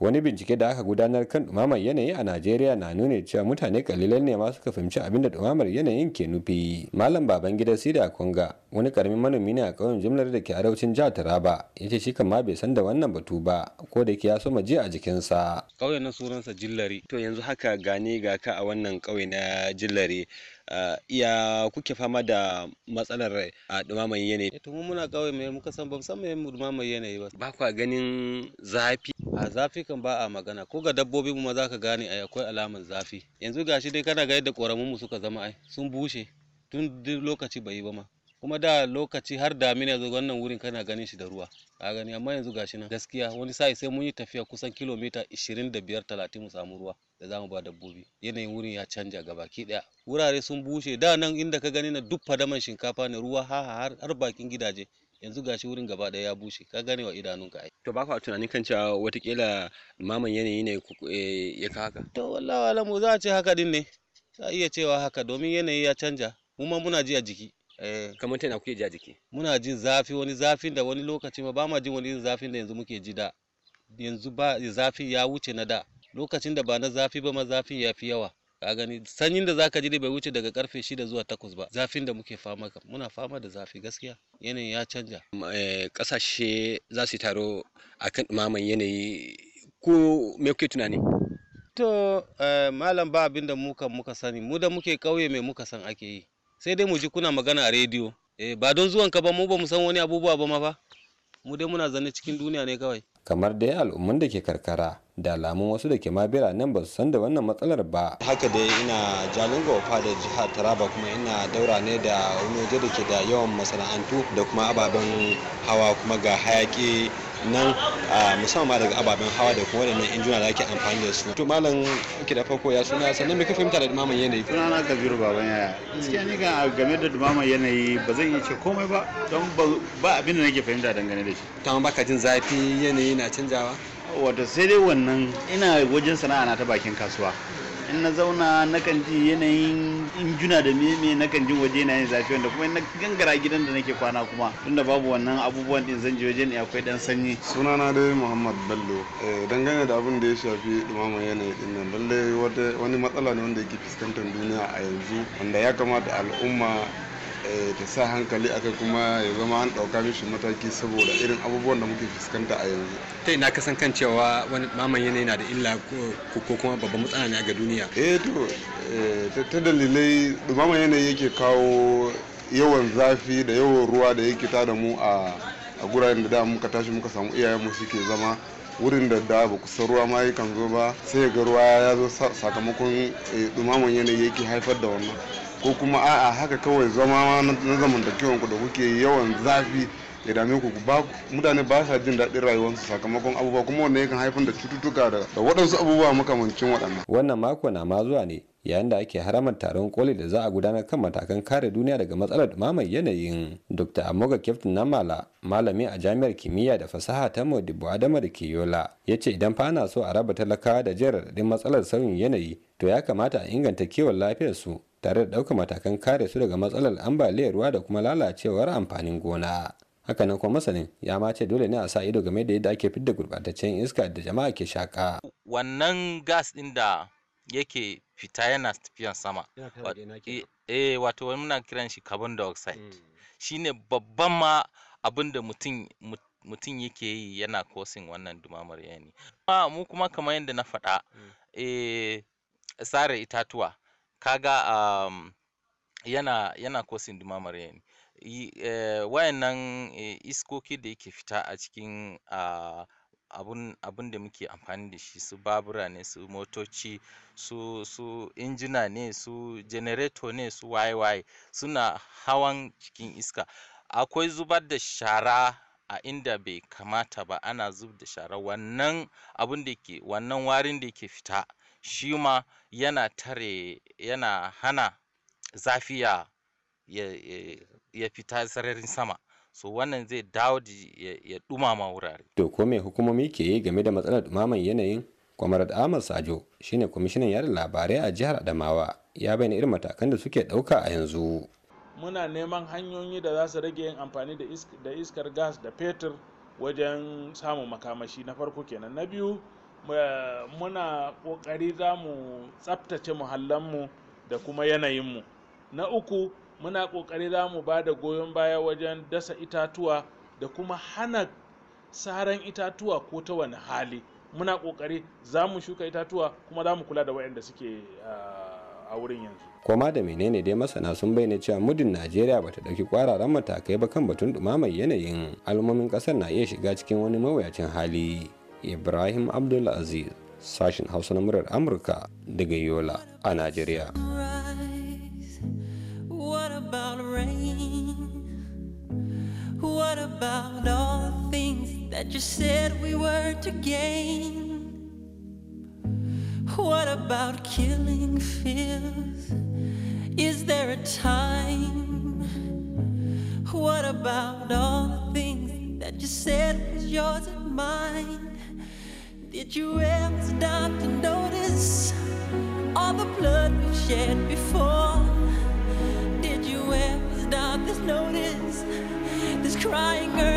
wani bincike da aka gudanar kan dumamar yanayi a najeriya na nuna cewa mutane kalilan ne ma suka fahimci abin da dumamar yanayin ke nufi malam baban gida sida konga wani karamin manomi ne a ƙauyen jimlar da ke arewacin jihar taraba ya ce shi kan ma bai san da wannan batu ba ko da ke ya soma ji a jikinsa ƙauyen na sunansa jillari to yanzu haka gane ga ka a wannan ƙauye na jillari iya kuke fama da matsalar a dumamar yanayi eh, to muna ƙauye mai muka san ba san mai dumamar yanayi ba ba kwa ganin zafi a zafi kan ba a magana ko ga dabbobi mu za ka gane ai akwai alamar zafi yanzu gashi dai kana ga yadda koramun mu suka zama ai sun bushe tun duk lokaci bai yi ba ma kuma da lokaci har damina zo wannan wurin kana ganin shi da ruwa a gani amma yanzu gashi nan gaskiya wani sa'i sai mun yi tafiya kusan kilomita 25 30 mu samu ruwa da zamu ba dabbobi yanayin wurin ya canja gabaki daya wurare sun bushe da nan inda ka gani na duk fadaman shinkafa ne ruwa har bakin gidaje yanzu gashi wurin gaba ɗaya ya bushe ka gane wa idanun ka ai to ba ka tunanin kan cewa watakila maman yanayi ne eh, ya ka haka to wallahi alamu za a ce haka din ne za iya cewa haka domin yanayi ya canja mu ma muna ji a jiki eh. kamar ta na kuke ji a jiki muna jin zafi wani zafin da wani lokaci ma ba ma jin wani zafin da yanzu muke ji da yanzu ba zafin ya wuce na da lokacin da ba na zafi ba ma zafin ya fi yawa ka gani sanyin da zaka ji da bai wuce daga karfe 6 zuwa 8 ba zafin da muke fama kam muna fama da zafi gaskiya yanayin ya canja kasashe mm, eh, za su taro akan dumaman yanayi ko me kuke tunani to eh, malam ba abinda da muka muka sani mu da muke kauye mai muka san ake yi sai dai mu ji kuna magana a rediyo eh, ba don zuwanka ba mu ba mu san wani abubuwa ba ma ba mu dai muna zane cikin duniya ne kawai kamar dai al'ummun da ke karkara da alamun wasu da ke ma biranen ba su san da wannan matsalar ba. Haka dai ina Jalingo Ofa da jihar Taraba kuma ina daura ne da wani waje da ke da yawan masana'antu da kuma ababen hawa kuma ga hayaki nan musamman daga ababen hawa da kuma waɗannan injuna da ake amfani da su to malam ki da farko ya suna sannan me ka fahimta da dumaman yanayi na kabiru baban yaya gaskiya ni kan game da dumaman yanayi ba zan iya ce komai ba don ba abin da nake fahimta dangane da shi ta baka jin zafi yanayi na canjawa wato sai dai wannan ina wajen sana'a na ta bakin kasuwa in na zauna nakan ji yanayin injuna da meme nakan ji waje na yin zafi wanda kuma na gangara gidan da nake kwana kuma tunda babu wannan abubuwan din zan ji waje ne akwai dan sanyi sunana dai muhammad bello eh, dangane da abin da ya shafi dumaman yanayi din nan lallai wani matsala ne wanda yake fuskantar duniya a yanzu wanda ya kamata al'umma ta eh, sa hankali aka kuma ya zama an ɗauka mishi mataki saboda irin abubuwan da muke fuskanta a yanzu ta ina ka san kan cewa wani maman yanayi na da illa ko kuma babban matsala ne a ga duniya eh to eh, ta dalilai maman yanayi yake kawo yawan zafi da yawan ruwa da yake tada mu a a guraren da da muka tashi muka samu mu suke zama wurin da da ba kusa ruwa ma kan zo ba sai ga ruwa ya zo sakamakon dumaman eh, yanayi yake haifar da wannan ko kuma a'a haka kawai zama na zamantakewan ku da kuke yawan zafi ya dame ku ba mutane ba sa jin daɗin rayuwarsu sakamakon abubuwa kuma wannan yakan haifar da cututtuka da waɗansu abubuwa makamancin waɗannan wannan mako na ma zuwa ne yayin da ake haramar taron koli da za a gudanar kan matakan kare duniya daga matsalar mamaye yanayin dr amoga captain namala malami a jami'ar kimiyya da fasaha ta modibo adama da keyola ya ce idan fa ana so a raba talakawa da jiyar radadin matsalar sauyin yanayi to ya kamata a inganta kiwon su tare da ɗaukar matakan kare su daga matsalar ambaliyar ruwa da kuma lalacewar amfanin gona hakanan kuma masanin ya ma ce dole ne a sa ido game da yadda ake fidda gurɓataccen iska da jama'a ke shaƙa wannan gas ɗin da yake fita yana tafiyan sama eh wato wani muna kiran shi carbon dioxide hmm. shine babban ma abin da mutum mutum yake yi yana kosin wannan dumamar yani mu kuma kamar yadda na faɗa hmm. eh sare itatuwa kaga um, yana yana kosin dumamar yani eh, wayannan eh, iskoki da yake fita a cikin ah, abun da muke amfani da shi su babura ne su motoci su injina ne su generator ne su waye waye suna hawan cikin iska akwai zubar da shara a inda bai kamata ba ana zub da shara wannan abun da ke wannan warin da ke fita shi ma yana tare yana hana zafi ya fita sararin sama so wannan zai dawo da ya dumama wurare to ko me hukumomi ke yi game da matsalar dumaman yanayin kwamarat ahmad sajo shine kwamishinan yada labarai a jihar adamawa ya bayyana irin matakan da suke ɗauka a yanzu muna neman hanyoyi da za su rage yin amfani da iskar gas da fetur wajen samun makamashi na farko kenan na biyu muna kokari za mu tsabtace muhallanmu da kuma yanayinmu na uku muna ƙoƙari za mu ba da goyon baya wajen dasa itatuwa da kuma hana saran itatuwa ko ta wani hali muna ƙoƙari za mu shuka itatuwa kuma za mu kula da waɗanda suke ah, a wurin yanzu koma da menene dai masana sun bayyana cewa mudin najeriya bata dauki kwararan matakai ba kan batun ɗumamar yanayin al'ummomin ƙasar na iya shiga cikin wani mawuyacin hali ibrahim abdulaziz sashin hausa na murar amurka daga yola a najeriya What about all the things that you said we were to gain? What about killing fears? Is there a time? What about all the things that you said was yours and mine? Did you ever stop to notice all the blood we've shed before? Did you ever stop to notice? crying